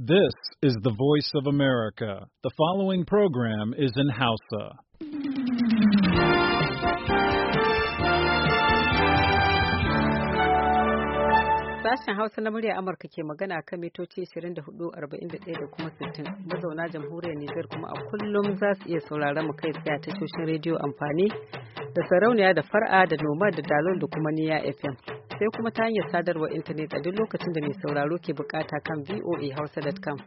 This is the voice of America. The following program is in Hausa. Sashen Hausa na murya Amurka ke magana kan mitoci 24,41 da kuma 60 mazauna jamhuriyar Nijar kuma a kullum za su iya sauraron mu kai tsaye tashoshin rediyo amfani da sarauniya da far'a da noma da dalol da kuma niya FM. sai kuma ta hanyar sadarwar intanet a duk lokacin da mai sauraro ke bukata kan voahausa.com.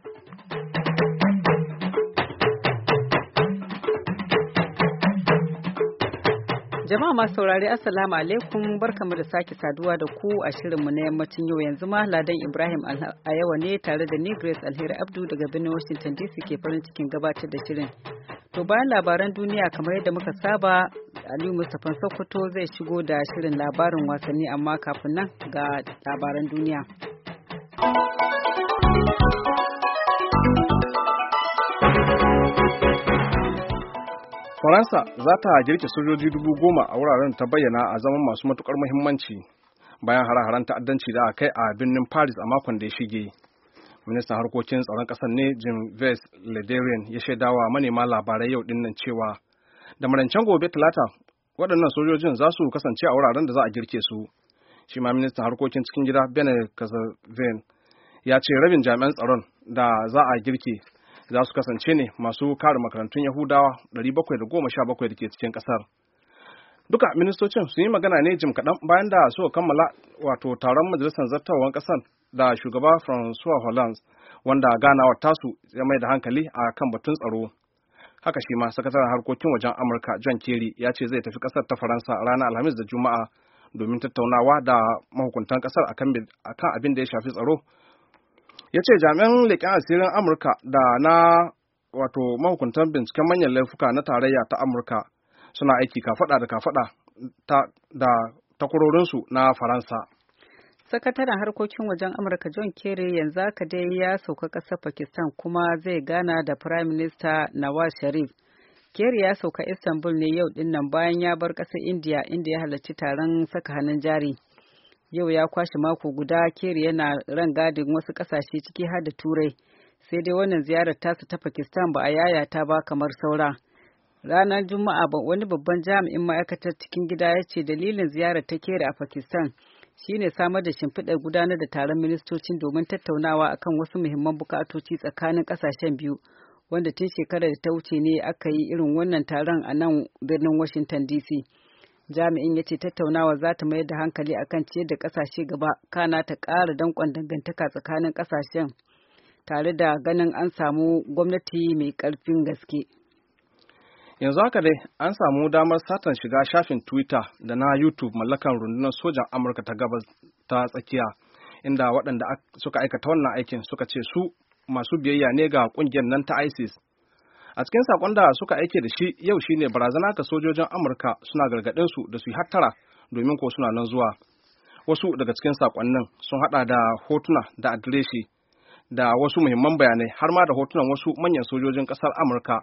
Jama'a masu saurari Assalamu alaikum barkamu da sake saduwa da ku a shirinmu na yammacin yau yanzu ma Ladan Ibrahim a yawa ne tare da ni Grace Alheri Abdu daga birnin Washington DC ke farin cikin gabatar da shirin. To bayan labaran duniya kamar yadda muka saba Aliyu Mustapha Sokoto zai shigo da shirin labarin wasanni amma kafin nan ga labaran duniya. Faransa za ta girke sojoji dubu goma a wuraren ta bayyana a zaman masu matukar muhimmanci bayan hare-haren ta'addanci da aka kai a birnin Paris a makon da ya shige. ministan harkokin tsaron ƙasar ne jim ves lederian ya shaidawa manema labarai yau dinnan cewa da marancen gobe talata waɗannan sojojin za su kasance a wuraren da za a girke su shi ma ministan harkokin cikin gida benin kazavin ya ce rabin jami'an tsaron da za a girke za su kasance ne masu kare makarantun yahudawa 717 da ke cikin ƙasar. duka ministocin sun yi magana ne jim kaɗan bayan da suka kammala wato taron majalisar zartawan ƙasar da shugaba francois hollands wanda ganawar tasu ya mai da hankali a kan batun tsaro haka shi ma sakataren harkokin wajen amurka john kerry ya ce zai tafi ƙasar ta faransa ranar alhamis da juma'a domin tattaunawa da mahukuntan ƙasar akan abin da ya shafi tsaro ya ce jami'an leƙen asirin amurka da na wato mahukuntan binciken manyan laifuka na tarayya ta amurka suna aiki kafada da kafada da takwarorinsu na faransa sakataren harkokin wajen amurka john kerry yanzu haka dai ya sauka ƙasar pakistan kuma zai gana da prime minister nawaz sharif kerry ya sauka istanbul ne yau dinnan bayan ya bar ƙasar india inda ya halarci taron saka hannun jari yau ya kwashe mako guda kerry yana ran gadin wasu ƙasashe ciki har da turai sai dai wannan ziyarar tasa ta pakistan ba a yayata ba kamar saura. ranar juma'a wani babban jami'in ma'aikatar cikin gida ya ce dalilin ziyarar ta kera a pakistan shine samar da shimfiɗar gudanar da taron ministocin domin tattaunawa akan wasu muhimman bukatoci tsakanin ƙasashen biyu wanda tun shekarar da ta wuce ne aka yi irin wannan taron a nan birnin washington dc jami'in ya ce tattaunawa za ta mayar da hankali akan ciyar da ƙasashe gaba kana ta ƙara danƙon dangantaka tsakanin ƙasashen tare da ganin an samu gwamnati mai ƙarfin gaske. yanzu haka dai an samu damar satan shiga shafin twitter da na youtube mallakan rundunar sojan amurka ta gabas ta tsakiya inda waɗanda suka aikata wannan aikin suka ce su masu biyayya ne ga ƙungiyar nan ta isis a cikin saƙon da suka aike da shi yau shine barazana ga sojojin amurka suna gargaɗin su da su yi hattara domin ko suna nan zuwa wasu daga cikin sakonnin sun haɗa da hotuna da adireshi da wasu muhimman bayanai har ma da hotunan wasu manyan sojojin ƙasar amurka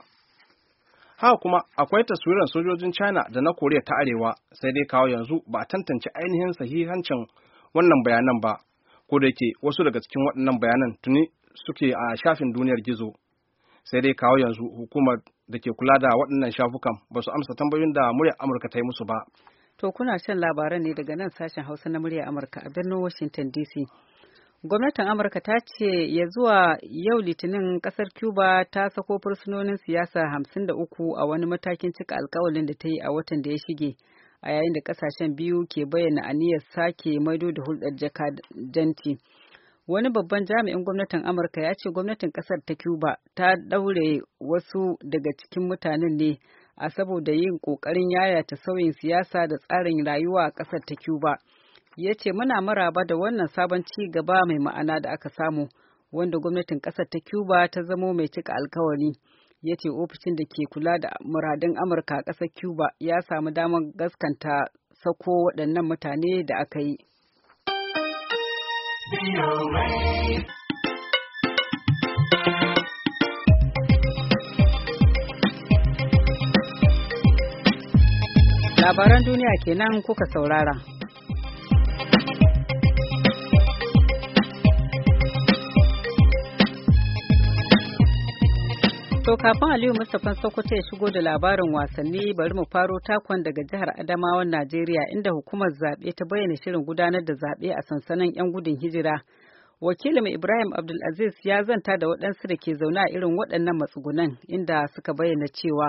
haka kuma akwai taswirar sojojin china da na koriya ta arewa sai dai kawo yanzu ba a tantance ainihin sahihancin wannan bayanan ba ko da yake wasu daga cikin waɗannan bayanan tuni suke a shafin duniyar gizo sai dai kawo yanzu hukumar da ke kula da waɗannan shafukan ba su amsa tambayoyin da muryar amurka ta yi musu ba to kuna shan labaran ne daga nan sashen hausa na muryar amurka a birnin washington dc Gwamnatin Amurka ta ce ya zuwa yau Litinin kasar Cuba ta sako fursunonin siyasa hamsin da uku a wani matakin cika alkawalin da ta yi a watan da ya shige, a yayin da kasashen biyu ke bayyana aniyar sake maido da hulɗar jakadanci. Wani babban jami'in gwamnatin Amurka ya ce gwamnatin kasar ta Cuba ta ɗaure wasu daga cikin mutanen ne a saboda yin ƙoƙarin yayata sauyin siyasa da tsarin rayuwa a kasar ta Cuba. ya ce muna maraba da wannan sabon ci gaba mai ma'ana da aka samu wanda gwamnatin ƙasar ta cuba ta zamo mai cika alkawari ya ce ofishin da ke kula da muradun amurka a ƙasar cuba ya samu damar gaskanta sako waɗannan mutane da aka yi labaran duniya kenan kuka saurara To kafin Aliyu Mustapha Sokoto ya shigo da labarin wasanni bari mu faro takon daga jihar Adamawan Najeriya inda hukumar zaɓe ta bayyana shirin gudanar da zaɓe a sansanin 'yan gudun hijira. Wakilin Ibrahim Abdulaziz ya zanta da waɗansu da ke zaune a irin waɗannan matsugunan inda suka bayyana cewa.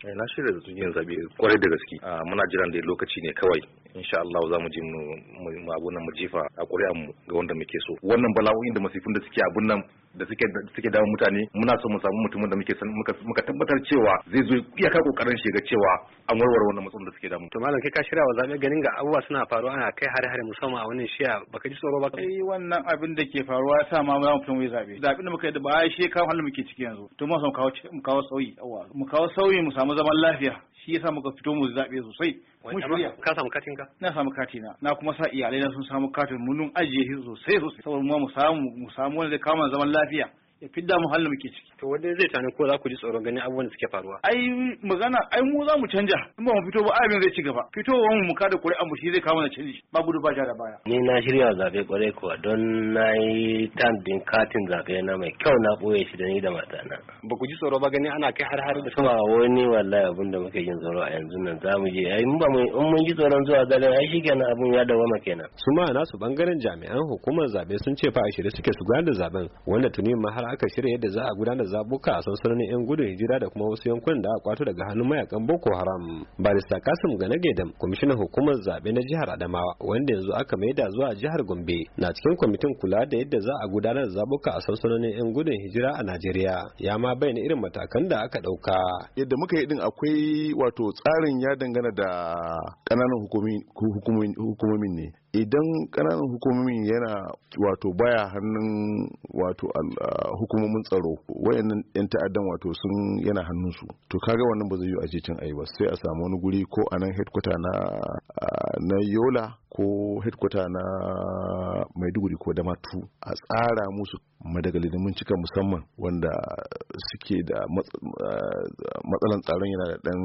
Eh, na shirya da zaɓe kwarai da gaske ah, muna jiran da lokaci ne kawai insha Allah za mu je mu abun mu jefa a ƙuri'an mu ga wanda muke so wannan bala'o'in da masifin da suke abun nan da suke da suke dawo mutane muna so mu samu mutumin da muke san muka tabbatar cewa zai zo ka kokarin shiga cewa an warware wannan matsalolin da suke damu to malam kai ka shirya wa zabe ganin ga abubuwa suna faruwa ana kai har har musamman a wannan shiya baka ji tsoro ba kai eh, wannan abin da ke faruwa sa ma mu fito mu zabe zabe da muka yi da ba shi kawo halin muke ciki yanzu to mu san kawo mu kawo sauyi mu kawo sauyi mu samu zaman lafiya shi yasa muka fito mu zabe sosai mun shirya ka samu katin ka na samu katina na kuma sa iyalai na sun samu katin mun ajiye shi sosai sosai saboda mu samu mu samu wanda zai kawo zaman lafiya ya fidda mu halin muke ciki to wanda zai tani ko za ku ji tsoron ganin abubuwan da suke faruwa ai magana ai mu za mu canja in ba mu fito ba abin zai ci gaba fitowa mu kada ƙuri'a mu shi zai kawo mana canji ba gudu ba da baya ni na shirya zabe kwarai kuwa don na yi katin zabe na mai kyau na boye shi da ni da na ba ku ji tsoro ba gani ana kai har har da sama wani wallahi abin da muke yin tsoro a yanzu nan za mu je ai mun ba mu in mun ji tsoron zuwa gare ai shikenan abun ya dawama kenan su ma nasu bangaren jami'an hukumar zabe sun ce fa a shirye suke su da zaben wanda tuni ma har aka shirya yadda za a gudanar zabuka a sansanonin 'yan gudun hijira da kuma wasu yankunan da aka kwato daga hannun mayakan Boko Haram. Barista Kasim Ganagedam, kwamishinan hukumar zaɓe na jihar Adamawa, wanda yanzu aka maida zuwa jihar Gombe, na cikin kwamitin kula da yadda za a gudanar zabuka a sansanonin 'yan gudun hijira a Najeriya. Ya ma bayyana irin matakan da aka ɗauka. Yadda muka yi din akwai wato tsarin ya dangana da ƙananan hukumomin ne. idan kananan hukumomin yana wato baya hannun wato hukumomin tsaro wayannan yan ta'addan wato sun yana hannunsu to kaga wannan ba zai yi aje can ayi ba sai a samu wani guri ko anan nan na na yola ko headquarter na maiduguri ko damatu a tsara musu madagalin da cika musamman wanda suke da matsalan tsaron yana da dan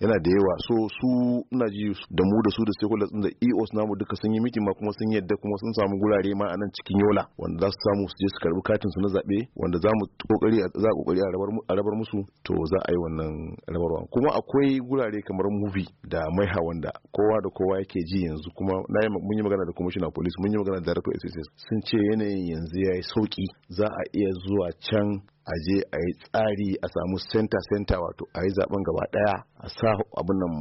yana da yawa so su ina ji da mu da su da stakeholders da eos namu duka sun yi mitin ma kuma sun yadda kuma sun samu gurare ma a nan cikin yola wanda za su samu su je su karbi katin su na zaɓe wanda za mu kokari za kokari a rabar musu to za a yi wannan rabarwa kuma akwai gurare kamar muvi da maiha wanda kowa da kowa yake ji yanzu kuma na yi mun yi magana da commissioner police mun yi magana da director sss sun ce yanayin yanzu ya yi sauki za a iya zuwa can a je a yi tsari a samu center center wato a yi zaben gaba daya a sa abin nan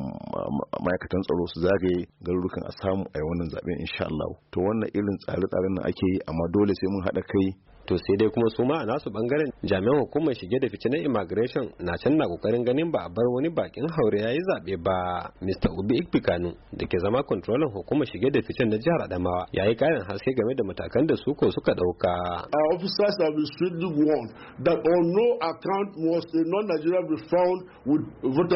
ma'aikatan tsaro su zagaye garurukan a samu a yi wannan zaben insha Allah to wannan irin tsare-tsaren nan ake yi amma dole sai mun haɗa kai to sai dai kuma su ma a nasu bangaren jami'an hukumar shige da fice na immigration na can na kokarin ganin ba a bar wani bakin haure ya yi zaɓe ba Mr. ubi Ikbikanu da ke zama kontrolan hukumar shige da fice na jihar Adamawa ya yi karin haske game da matakan da su ko suka ɗauka. our officers have been strictly warned that account must a non-Nigerian be found with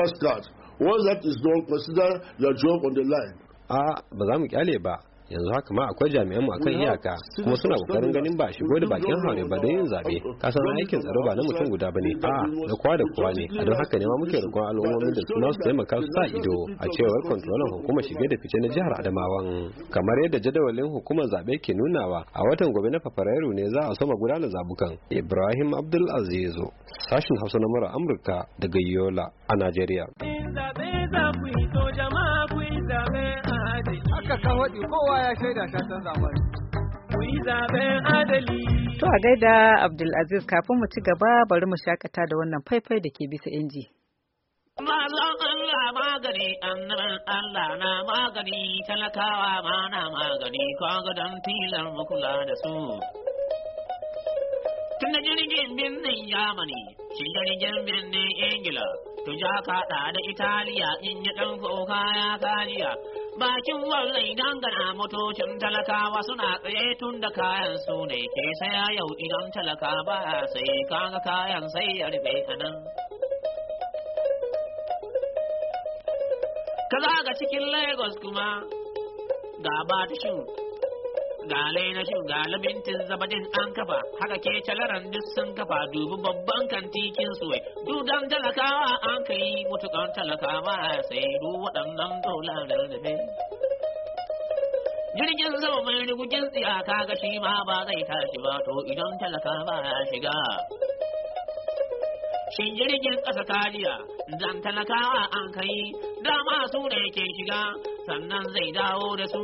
is done consider your job on a ba za mu kyale ba yanzu haka ma akwai jami'an mu akan iyaka kuma suna kokarin ganin ba shigo da bakin haure ba don yin zabe kasan aikin tsaro ba na mutum guda bane a da kowa da kowa ne a don haka ne ma muke roƙon al'ummomin da suna su taimaka su sa ido a cewar kontrolan hukumar shige da fice na jihar adamawa kamar yadda jadawalin hukumar zabe ke nunawa a watan gobe na Fabrairu ne za a soma gudanar zabukan Ibrahim Abdul azizu sashin Hausa na Amurka daga Yola a Najeriya. kan kowa ya shaida shatan zamani. adali. To a gaida Abdulaziz kafin mu ci gaba bari mu shakata da wannan faifai da ke bisa inji. Mazan Allah magani, annan Allah na magani, talakawa ma na magani, kwa don tilar kula da su. Tun da jirgin birnin Yamani, shi jirgin birnin Ingila, tun ja kaɗa da Italiya in yi ɗan kuka ya kariya, bakin wannan idan gana motocin talakawa suna tsaye tun da kayan su ne ke saya yau idan talaka ba sai kaga kayan sai ya rufe a nan ka ga cikin lagos kuma ga ba ga na ga labintin zabadin an kafa haka ke calaran duk sun kafa dubi babban kantikin suwai dudan talakawa an kai mutukan talakawa sai du waɗannan dolarar da jirgin zama mai rigujin tsiyaka ga shi ma ba zai tashi ba to idan talakawa ya shiga shin jirgin ƙasa zan talaka talakawa an kai dama su ne ke shiga sannan zai dawo da su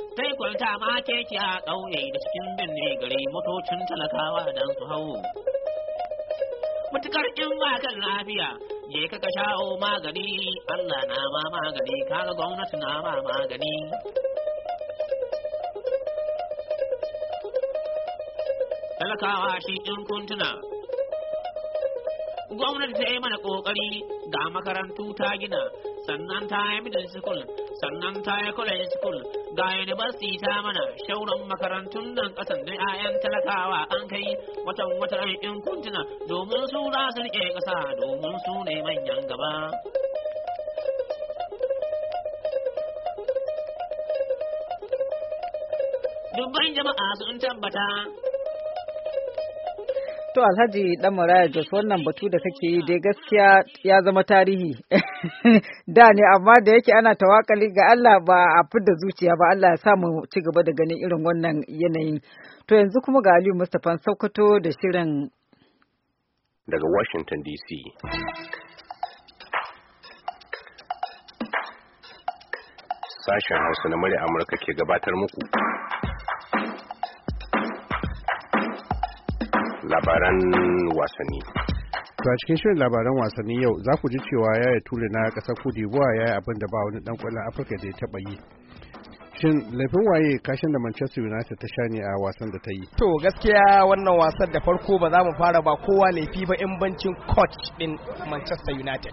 sai kwanta ma keke a ƙauye da cikin binne gari motocin talakawa don su hau mutukar in ba kan lafiya je ka shawo magani allah na ma magani kaga gwamnati na ma magani talakawa shi in kuntuna gwamnati ta yi mana ƙoƙari ga makarantu ta gina sannan ta yi middle school sannan ta yi college school ga university ta mana shauran makarantun nan kasan da 'ya'yan talakawa an kai watan watan in kuntuna domin su za su rike kasa domin su ne manyan gaba dubban jama'a sun tabbata To Alhaji Dan Maraya Jos wannan batu da kake yi dai gaskiya ya zama tarihi. da ne amma da yake ana tawakali ga Allah ba a fidda zuciya ba Allah ya sa mu ci gaba da ganin irin wannan yanayin. To yanzu kuma ga Aliyu Mustapha Sokoto da shirin daga Washington DC. Sashen Hausa na murya Amurka ke gabatar muku. labaran wasanni. To a cikin shirin labaran wasanni yau za ku ji cewa yaya ture na ƙasar Cote d'Ivoire ya yi abin da ba wani dan ƙwallon Afirka da ya taɓa yi. Shin laifin waye kashin da Manchester United ta sha ne a wasan da ta yi? To gaskiya wannan wasan da farko ba za mu fara ba kowa laifi ba in bancin coach din Manchester United.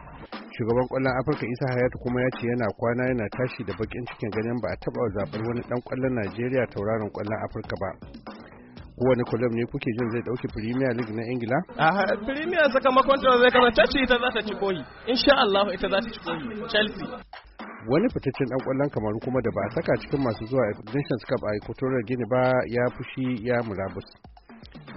shugaban kwallon afirka isa hayatu kuma ya ce yana kwana yana tashi da bakin cikin ganin ba a taba zaɓar wani ɗan kwallon najeriya tauraron kwallon afirka ba kowane club ne kuke jin zai dauki Premier League na Ingila? A Premier sakamakon ta zai kasance Chelsea ita za ta ci koyi. Insha Allah ita za ta ci koyi Chelsea. Wani fitaccen dan kwallon kamar kuma da ba a saka cikin masu zuwa Nations Cup a Equatorial Guinea ba ya fushi ya murabus.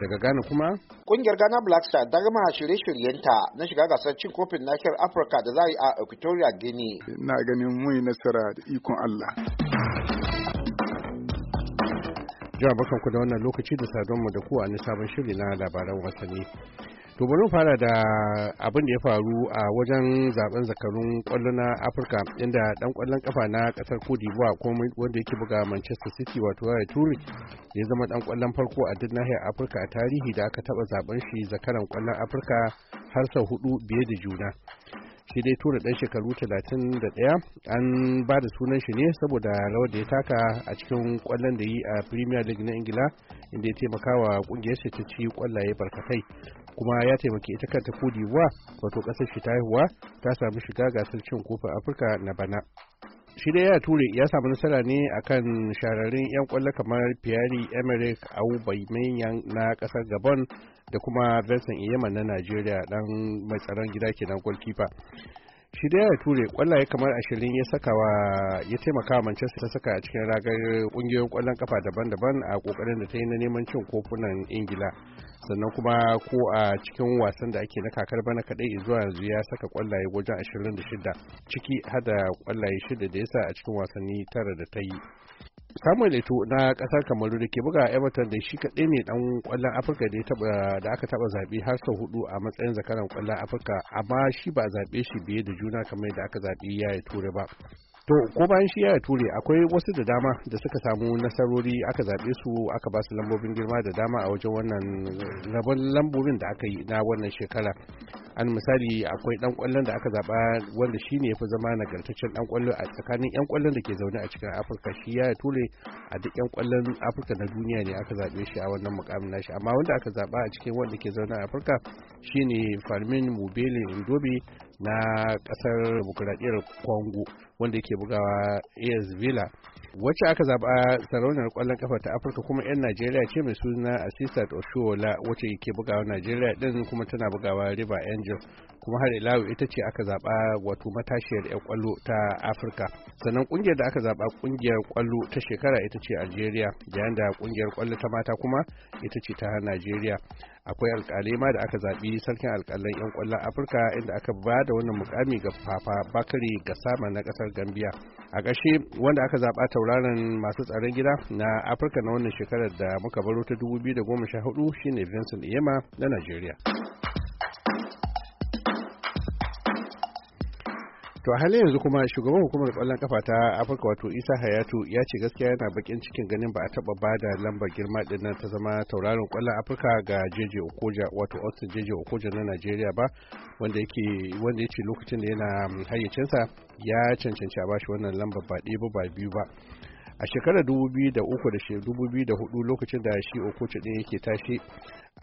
daga Gana kuma? Kungiyar Ghana Black Star ta gama shirye-shiryenta na shiga gasar cin kofin nahiyar Afirka da za a yi a Equatorial Guinea. Ina ganin mun nasara da ikon Allah. jama'a bakan ku da wannan lokaci da sadon da ku a sabon shiri na labaran wasanni to bari fara da abin da ya faru a wajen zaben zakarun kwallo na afirka inda dan kwallon kafa na kasar cote buwa ko wanda yake buga manchester city wato ya turi ya zama dan kwallon farko a duk nahiyar afirka a tarihi da aka taba zaben shi zakaran kwallon afirka har sau hudu biye da juna shi dai tura ɗan shekaru 31 an ba da sunan shi ne saboda rawar da ya taka a cikin kwallon da yi a premier league na ingila inda ya taimaka wa kungiyar shi ta ci kwallaye barkatai kuma ya taimaki ita kanta kudi wa wato ƙasar shi ta haihuwa ta samu shiga gasar cin kofin afirka na bana shi dai ya ture ya samu nasara ne akan shahararrun 'yan kwallo kamar Pierre Emerick Aubameyang na kasar Gabon da kuma Vincent iyaman na nigeria dan mai tsaron gida kenan goalkeeper. shi da ya ture kwallaye kamar ashirin ya saka wa ya taimaka wa manchester ta saka a cikin ragar kungiyoyin kwallon kafa daban-daban a kokarin da ta yi na neman cin kofunan ingila sannan kuma ko a cikin wasan da ake na kakar bana kadai zuwa yanzu ya saka kwallaye wajen ashirin da shida ciki hada kwallaye shida da ya sa a cikin wasanni tara da ta yi samun leto na kasar kamaru da ke buga everton da shi kaɗai ne dan kwallon afirka da aka taba zaɓe har sau hudu a matsayin zakaran kwallon afirka amma shi ba zaɓe shi biye da juna kamar da aka zaɓi ya yi ture ba to ko bayan shi ya ture akwai wasu da dama da suka samu nasarori aka zaɓe su aka ba su lambobin girma da dama a wajen wannan rabon lambobin da aka yi na wannan shekara an misali akwai dan kwallon da aka zaɓa wanda shi ne yafi zama nagartaccen dan kwallo a tsakanin yan kwallon da ke zaune a cikin afirka shi ya ture a duk yan kwallon afirka na duniya ne aka zaɓe shi a wannan mukamin nashi amma wanda aka zaɓa a cikin wanda ke zaune a afirka shine farmin mubele indobe na kasar demokuraɗiyyar congo wanda yake bugawa as villa wacce aka zaba sarauniyar kwallon kafa ta afirka kuma 'yan najeriya ce mai suna asisat oshola wacce yake bugawa najeriya din kuma tana bugawa river angel kuma har ilawu ita ce aka zaba wato matashiyar 'yan kwallo ta afirka sannan kungiyar da aka zaba kungiyar kwallo ta shekara ita ce algeria yayin da kungiyar kwallo ta mata kuma ita ce ta najeriya akwai alkalai ma da aka zaɓi sarkin alkalan 'yan kwallon afirka inda aka ba da wannan mukami ga fafa bakari ga sama na ƙasar gambia a ƙarshe wanda aka zaɓa tauraron masu tsaron gida na afirka na wannan shekarar da muka baro ta 2014 shine vincent iyema na nigeria to a halin yanzu kuma shugaban hukumar kwallon kafa ta afirka wato isa hayatu ya ce gaskiya yana bakin cikin ganin ba a taba ba da lambar girma din ta zama tauraron kwallon afirka ga jeje okoja wato austin jeje okoja na najeriya ba wanda yake wanda yake lokacin da yana mm, hayyacinsa ya cancanci a bashi wannan lambar ba ɗaya ba ba biyu ba a shekarar 2003 da 2004 lokacin da shi okoja ɗin yake tashi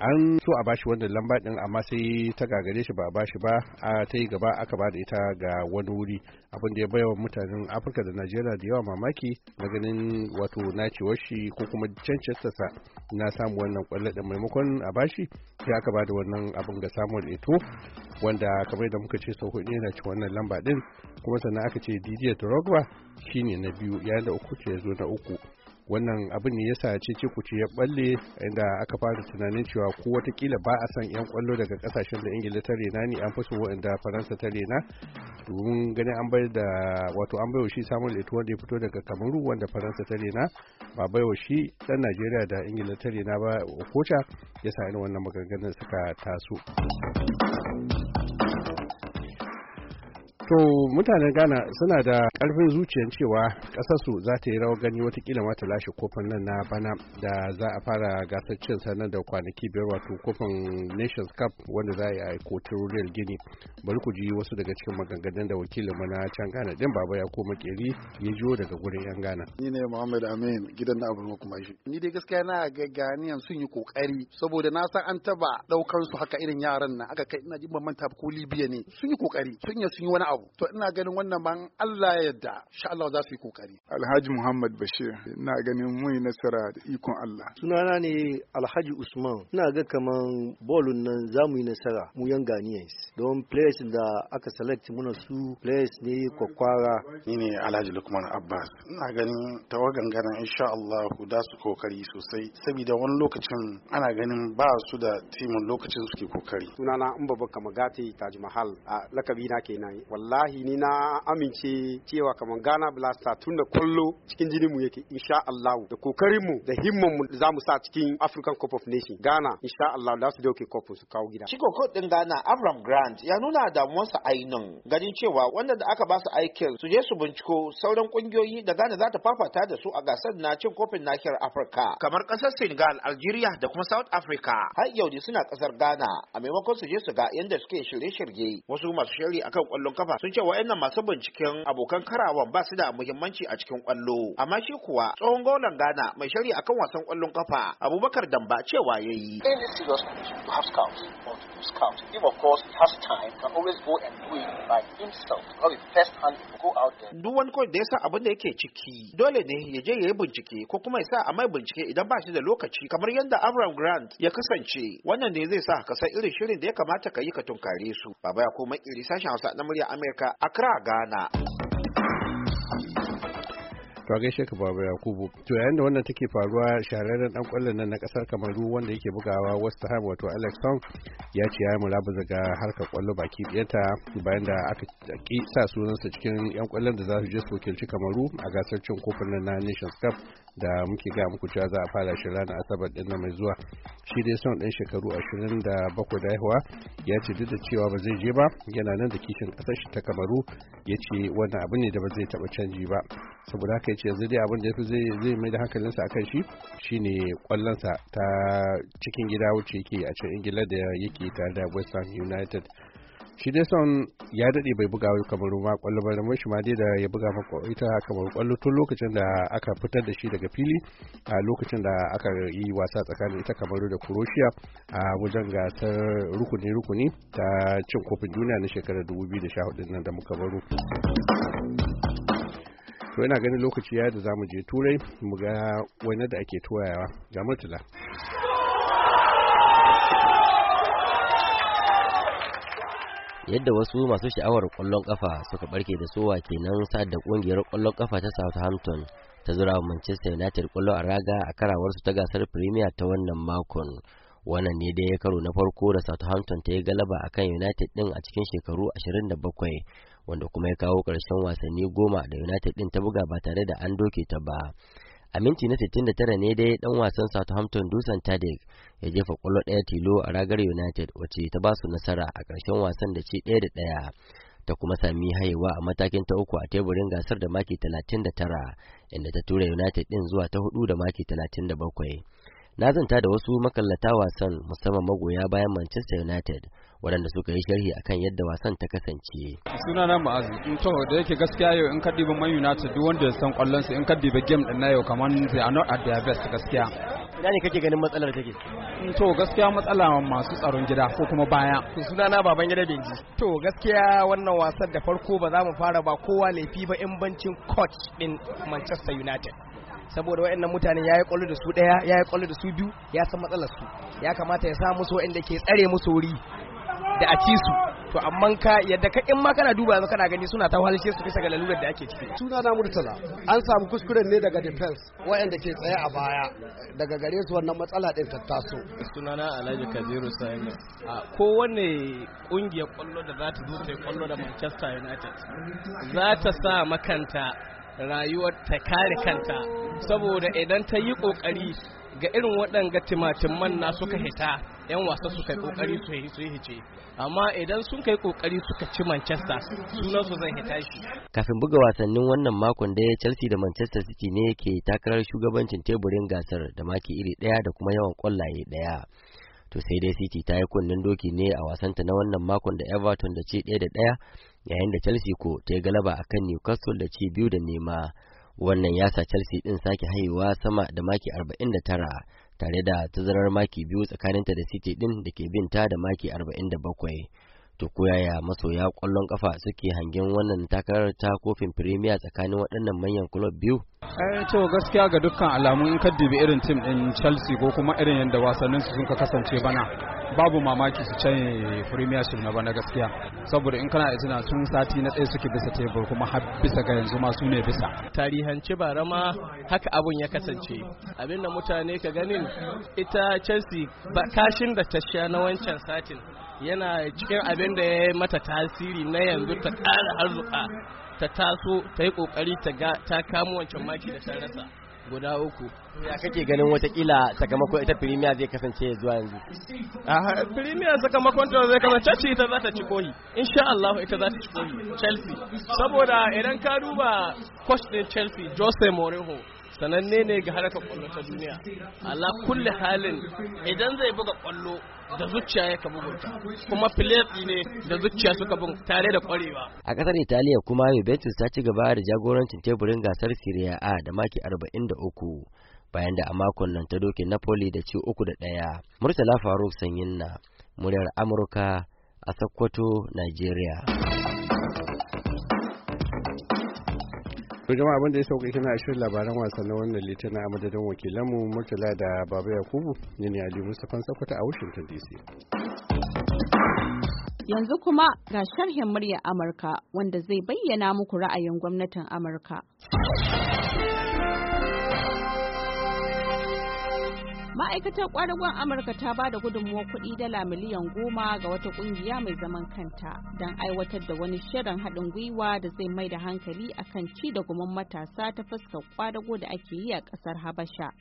an so a bashi wannan lamba din amma sai ta gagare shi ba a bashi ba a ta yi gaba aka ba da ita ga wani wuri abin da ya baiwa mutanen afirka da najeriya da yawa mamaki na ganin wato nacewar shi ko kuma cancantarsa na samu wannan kwallo da maimakon a bashi sai aka ba da wannan abin ga samuwar eto wanda kamar da muka ce sau hudu yana ci wannan lamba din kuma sannan aka ce didier drogba shine na biyu yayin da uku ce ya zo na uku wannan abin ne yasa ce ce kuce ya balle inda aka fara tunanin cewa ko watakila ba a san yan kwallo daga kasashen da ingila ta rena ne an faso waɗanda faransa ta rena domin ganin an bai da wato an baiwa shi samun leto wanda ya fito daga kamaru wanda faransa ta rena ba baiwa shi dan najeriya da ingila ta rena ba okocha yasa irin wannan maganganun suka taso to mutanen ghana suna da karfin zuciyar cewa kasarsu za ta yi rawar gani watakila ma ta lashe kofin nan na bana da za a fara gasar cin sanar da kwanaki biyar wato kofin nations cup wanda za a yi a kotun real gini bari ku ji wasu daga cikin maganganun da wakilin mu na can ghana din baba ya koma keri ya jiyo daga gurin yan ghana ni ne muhammad amin gidan na abu kuma shi ni dai gaskiya na ga Ghanian sun yi kokari saboda na san an taba daukar su haka irin yaran nan aka kai ina jin ban manta ko libiya ne sun yi kokari sun yi sun yi wani abu babu to ina ganin wannan ban Allah ya yarda insha Allah za su yi kokari Alhaji Muhammad Bashir ina ganin mun yi nasara da ikon Allah sunana ne Alhaji Usman ina ga kaman bolun nan za mu yi nasara mu yan Ghanaians don players da aka select muna su players ne kwakwara ni ne Alhaji Lukman Abbas ina ganin tawagan ganin insha Allah da su kokari sosai saboda wani lokacin ana ganin ba su da timin lokacin suke kokari sunana in babba kama, Taj Mahal a lakabi na kenan wallahi wallahi ni na amince cewa kamar Ghana Blaster tun da kwallo cikin jinin mu yake insha Allah da kokarin mu da himman mu za mu sa cikin African Cup of Nations Ghana insha Allah da su dauke cup su kawo gida. Chico koko din Ghana Abraham Grant ya nuna damuwarsa ainun ganin cewa wanda da aka ba su aikin su je su binciko sauran kungiyoyi da Ghana za ta fafata da su a gasar na cin kofin nahiyar Afirka kamar kasar Senegal, Algeria da kuma South Africa. Har yau suna kasar Ghana a maimakon su je su ga yanda suke shirye-shirye wasu masu shiri akan kwallon kafa sun ce wa'annan masu binciken abokan karawan ba su da muhimmanci a cikin kwallo amma shi kuwa tsohon golan Ghana mai shari'a akan wasan kwallon kafa Abubakar Damba cewa yayi duk Duwani kawai da ya sa abin da yake ciki dole ne ya je ya yi bincike ko kuma ya sa a mai bincike idan ba shi da lokaci kamar yadda abram Grant ya kasance wannan ne zai sa ka san irin shirin da ya kamata ka yi ka tunkare su baba ya koma iri sashen Hausa na murya Amurka, Accra, Ghana. to gaishe ka baba yakubu to yayin da wannan take faruwa shahararren dan kwallon nan na kasar kamaru wanda yake bugawa west ham wato alex song ya ce ya yi murabu daga harkar kwallo baki biyarta, bayan da aka ki sa sunansa cikin yan kwallon da za su je su wakilci kamaru a gasar cin kofin na nations cup da muke ga muku cewa za a fara shi ranar asabar din mai zuwa shi dai son ɗan shekaru ashirin da bakwai da haihuwa ya ce duk da cewa ba zai je ba yana nan da kishin ƙasar shi ta kamaru ya ce wannan abu ne da ba zai taɓa canji ba saboda haka ya ce yanzu dai abin da ya fi zai mai da hankalinsa akan shi shine kwallonsa ta cikin gida wuce yake a cikin ingila da yake tare da west ham united shi dai son ya daɗe bai buga kamar ruwa kwallo ba ramon shi ma dai da ya buga maka ita kamar kwallo tun lokacin da aka fitar da shi daga fili a lokacin da aka yi wasa tsakanin ita kamaru da kuroshiya a wajen gasar rukuni rukuni ta cin kofin duniya na shekarar 2014 nan da muka baro to ina ganin lokaci ya da zamu je turai mu ga wani da ake toyawa ga murtala yadda wasu masu sha'awar kwallon kafa suka barke da sowa kenan sa'ad da kungiyar kwallon kafa ta Southampton ta zura wa Manchester United kwallo a raga a karawar su ta gasar Premier ta wannan makon. Wannan ne dai karo na farko da Southampton ta yi galaba akan United din a cikin shekaru 27 wanda kuma ya kawo ƙarshen wasanni goma da United din ta buga ba tare da an doke ta ba. A minti na 69 ne dai dan wasan Southampton Dusan Tadic ya jefa kwallo ɗaya tilo a ragar United wacce ta ba su nasara a ƙarshen wasan da ci ɗaya da ɗaya. Ta kuma sami haihuwa a matakin ta uku a teburin gasar da maki 39 inda ta tura United ɗin zuwa ta hudu da maki 37. Na zanta da wasu makallata wasan musamman magoya bayan Manchester United waɗanda suka yi sharhi akan yadda wasan ta kasance. Suna na ma'azu, in to da yake gaskiya yau in ka Man United duk wanda ya san kwallon su in ka game din na yau kamar they are not at their best gaskiya. Ina ne kake ganin matsalar take? In to gaskiya matsala masu tsaron gida ko kuma baya. Suna na baban gida Benji. To gaskiya wannan wasan da farko ba za mu fara ba kowa laifi ba in bancin coach din Manchester United. saboda nan mutane ya yi kwallo da su ɗaya ya yi kwallo da su biyu ya san matsalar su ya kamata ya sa musu da ke tsare musu wuri da a ci su to amma ka yadda ka in ma kana duba yanzu kana gani suna ta wahalshe su bisa ga lalurar da ake ciki suna na murtala an samu kuskuren ne daga defense wayanda ke tsaye a baya daga gare su wannan matsala din ta taso suna na Alhaji Kabiru Sani a kowane kungiya kwallo da za ta zo ta kwallo da Manchester United za ta sa makanta rayuwar ta kare kanta saboda idan ta yi kokari ga irin waɗanga timatimman na suka hita yan wasa suka yi kokari su yi su yi amma idan sun kai kokari suka ci Manchester sunan su zai hita shi kafin buga wasannin wannan makon da Chelsea da Manchester City ne yake takarar shugabancin teburin gasar da maki iri daya da kuma yawan kwallaye daya to sai dai City ta yi kunnen doki ne a wasanta na wannan makon da Everton da ci 1 da 1 yayin da Chelsea ko ta yi galaba akan Newcastle da ci biyu da nema wannan ya sa Chelsea din sake haihuwa sama da maki 49 tare da tazarar maki biyu tsakaninta da City ɗin da ke binta da maki arba'in da bakwai. To masoya ƙwallon kafa suke hangen wannan takarar ta kofin premier tsakanin waɗannan manyan kulob biyu? Eh to gaskiya ga dukkan alamu in ka dubi irin tim din Chelsea ko kuma irin yadda wasannin su ka kasance bana babu mamaki su canye Premiership na bana gaskiya saboda in kana da suna sun sati na ɗaya suke bisa tebur kuma har bisa ga yanzu ma su ne bisa. Tarihanci barama ma haka abun ya kasance abinda mutane ka ganin ita Chelsea ba kashin da ta sha na wancan satin yana cikin abin da ya yi mata tasiri na yanzu ta ƙara arzuka ta taso ta yi ƙoƙari ta kamo wancan maki da ta rasa guda uku. Ya kake ganin watakila sakamakon ita premier zai kasance zuwa yanzu? Premier sakamakon ta zai kasance ce ita za ta ci koyi. Insha Allah ita za ta ci koyi Chelsea. Saboda idan ka duba coach din Chelsea Jose Mourinho sananne ne ga harkar kwallo ta duniya Allah kulle halin idan zai buga kwallo da zuciya ya ka bugunta kuma filet ne da zuciya suka bin tare da kwarewa a ƙasar italiya kuma juventus ta ci gaba da jagorancin teburin gasar serie a da maki 43 bayan da a makon nan ta doke napoli da ci uku da ɗaya murtala faruk sanyin na muryar amurka a sokoto nigeria to jama'a abin da ya sauka kina shirin labaran wasan na wannan litinin a madadin wakilanmu murtala da baba yakubu ne ne ali mustapha sakwata a washington dc yanzu kuma ga sharhin murya amurka wanda zai bayyana muku ra'ayin gwamnatin amurka ma'aikatar kwadagon amurka ta ba da gudunmuwar kuɗi dala miliyan goma ga wata ƙungiya mai zaman kanta don aiwatar da wani shirin haɗin gwiwa da zai mai da hankali a kan ci da gumin matasa ta fuskar kwadago da ake yi a ƙasar habasha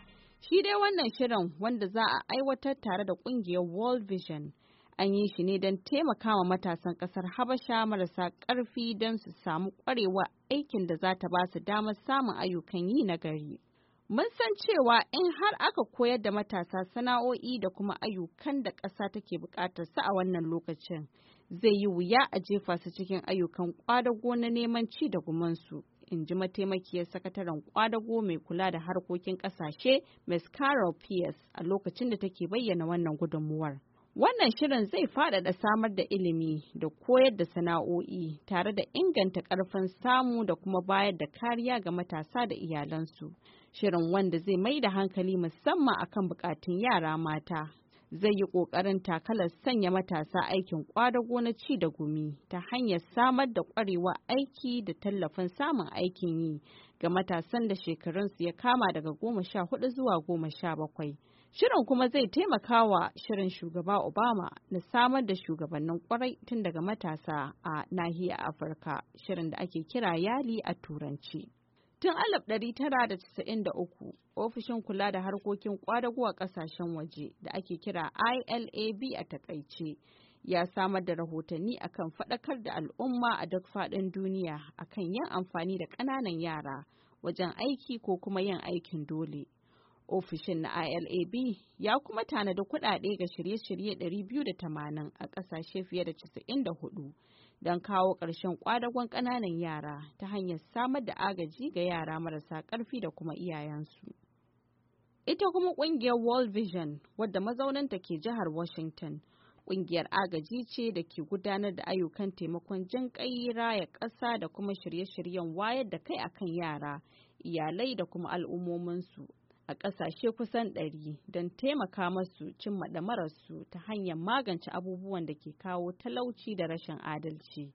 shi dai wannan shirin wanda za a aiwatar tare da ƙungiyar world vision an yi shi ne don taimakawa matasan ƙasar habasha marasa ƙarfi don su samu ƙwarewa aikin da za ta ba su damar samun ayyukan yi na gari Mun san cewa in har aka koyar da matasa sana'o'i da kuma ayyukan da ƙasa take buƙatar su a wannan lokacin, zai yi wuya a jefa su cikin ayyukan ƙwadago na neman ci da gumansu, in ji mataimakiyar sakataren ƙwadago mai kula da harkokin ƙasashe, Ms. Carol Pierce, a lokacin da take bayyana wannan gudunmuwar. Wannan shirin zai faɗaɗa samar da ilimi da koyar da sana'o'i tare da inganta ƙarfin samu da kuma bayar da kariya ga matasa da iyalansu Shirin wanda zai mai da hankali musamman akan bukatun yara mata. Zai yi ƙoƙarin takalar sanya matasa aikin ƙwadago na ci da gumi ta hanyar samar da ƙwarewa aiki da tallafin samun aikin yi ga matasan da shekarunsu ya kama daga goma sha hudu zuwa goma sha bakwai. Shirin kuma zai taimaka wa shirin shugaba Obama na samar da shugabannin kwarai tun daga matasa a nahiyar Afirka, shirin da ake kira yali a Turanci. Tun 1993, ofishin kula da harkokin kwadagowa kasashen waje da ake kira ILAB a takaice ya samar da rahotanni akan faɗakar da al'umma a duk faɗin duniya akan yin amfani da ƙananan yara wajen aiki ko kuma yin aikin dole. Ofishin na ILAB ya kuma tanadi kuɗaɗe ga shirye-shirye 280 a ƙasashe fiye da 94 don kawo ƙarshen ƙwadagon ƙananan yara ta hanyar samar da agaji ga yara marasa ƙarfi da kuma iyayensu. Ita kuma ƙungiyar World Vision wadda mazauninta ke jihar Washington. Ƙungiyar agaji ce da ke gudanar da ayyukan taimakon jin ƙai raya ƙasa da kuma shirye-shiryen wayar da kai akan yara, iyalai da kuma al'ummominsu a ƙasashe kusan ɗari don taimaka masu cimma ɗamararsu ta hanyar magance abubuwan da ke kawo talauci da rashin adalci.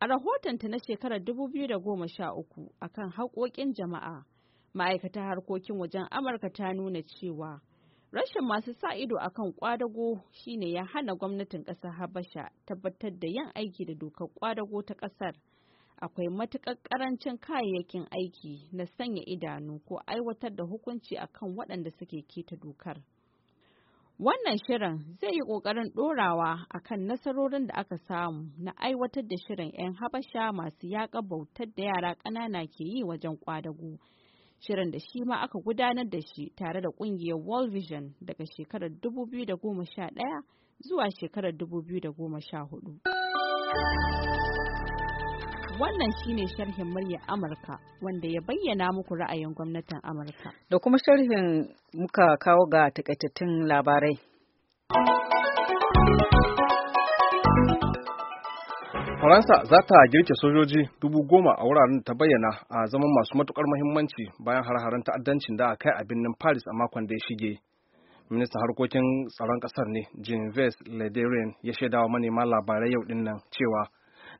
A rahotonta na shekarar 2013 kan haƙoƙin jama'a, ma'aikatar harkokin wajen Amurka ta nuna cewa rashin masu sa ido a akan ƙwadago shine ya hana gwamnatin ƙasar Habasha tabbatar da yin aiki da dokar ƙwadago ta ƙasar. akwai matuƙar ƙarancin kayayyakin aiki na sanya idanu ko aiwatar da hukunci akan waɗanda suke keta dokar. Wannan shirin zai yi ƙoƙarin ɗorawa akan nasarorin da aka samu na aiwatar da shirin 'yan habasha masu yaƙa bautar da yara ƙanana ke yi wajen ƙwadago. Shirin da shi ma aka gudanar da shi tare da ƙungiyar World Vision daga shekarar 2011 zuwa shekarar 2014. Wannan shine sharhin murya Amurka wanda ya bayyana muku ra'ayin gwamnatin Amurka. Da kuma sharhin muka kawo ga takaitattun labarai. Faransa za ta girke sojoji dubu goma a wuraren da ta bayyana a zaman masu matukar muhimmanci bayan har-haren ta'addancin da aka kai a birnin Paris a makon da ya shige. Ministan harkokin tsaron kasar ne Jean-Yves Le Drian ya shaidawa manema labarai yau din nan cewa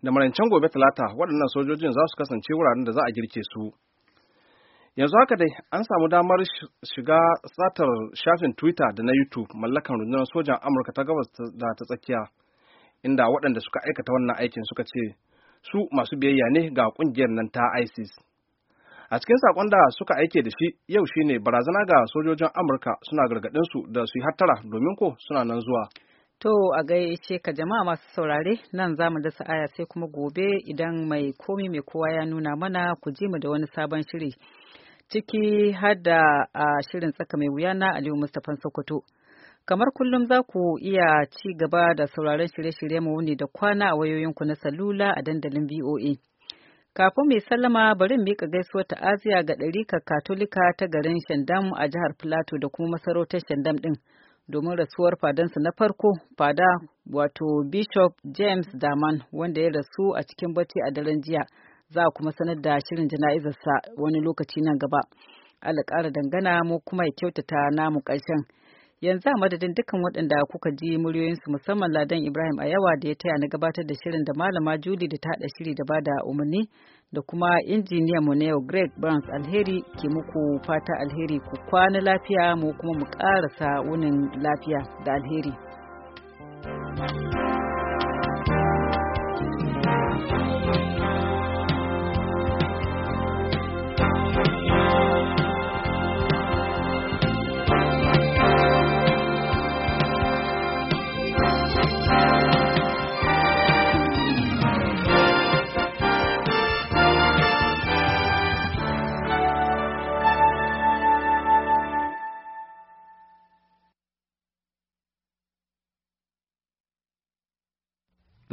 da marancen gobe talata waɗannan sojojin za su kasance wuraren da za a girke su yanzu haka dai an samu damar shiga satar shafin twitter da na youtube mallakan rundunar sojan amurka ta gabas da ta tsakiya inda waɗanda suka aikata wannan aikin suka ce su masu biyayya ne ga ƙungiyar nan ta isis a cikin saƙon da suka aike da shi yau shine barazana ga sojojin amurka suna gargaɗinsu da su yi hattara domin ko suna nan zuwa To a gaishe ka jama'a masu saurare nan za mu dasa aya sai kuma gobe idan mai komi mai kowa ya nuna mana ku ji mu da wani sabon shiri. Ciki har da a shirin tsaka mai wuya na Aliyu Mustapha Sokoto. Kamar kullum za ku iya ci gaba da sauraron shirye-shirye mu wuni da kwana a wayoyinku na salula a dandalin VOA. Kafin mai sallama bari miƙa gaisuwar ta'aziya ga ɗarikar Katolika ta garin Shandam a jihar Filato da kuma masarautar Shandam ɗin. domin rasuwar fadansa na farko fada wato bishop james daman wanda ya rasu a cikin bacci a daren jiya za a kuma sanar da shirin jana'izarsa wani lokaci nan gaba alƙara dangana mu kuma ya kyautata namu ƙarshen yanzu a madadin dukkan waɗanda kuka ji muryoyinsu musamman ladan ibrahim a yawa da ya taya na gabatar da shirin da malama juli da ta haɗa shiri da bada umarni da kuma injiniya mu na yau greg burns alheri ke muku fata alheri ku kwana lafiya mu kuma mu ƙarasa wunin lafiya da alheri